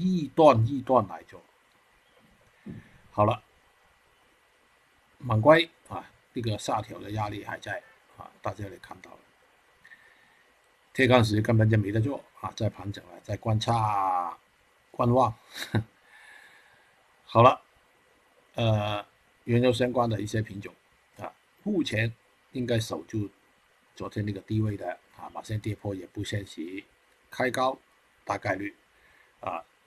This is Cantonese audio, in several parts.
一段一段來做，嗯、好了，蠻乖啊，這個下調的壓力還在啊，大家也看到了，這段時間根本就沒得做啊，在盤整啊，在觀察觀望。 好了，呃，原油相關的一些品種啊，目前應該守住昨天那個低位的啊，馬上跌破也不現實，開高大概率啊。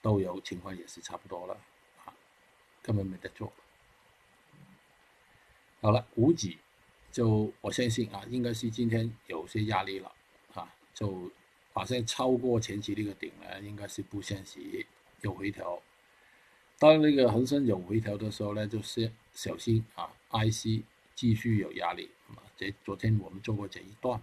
都有情況也是差不多了啊，根本沒得做。好了，股指就我相信啊，應該是今天有些壓力了啊，就好像超過前期那個頂呢，應該是不現實，有回調。當那個恒生有回調的時候呢，就先小心啊，IC 繼續有壓力。啊，這昨天我們做過這一段。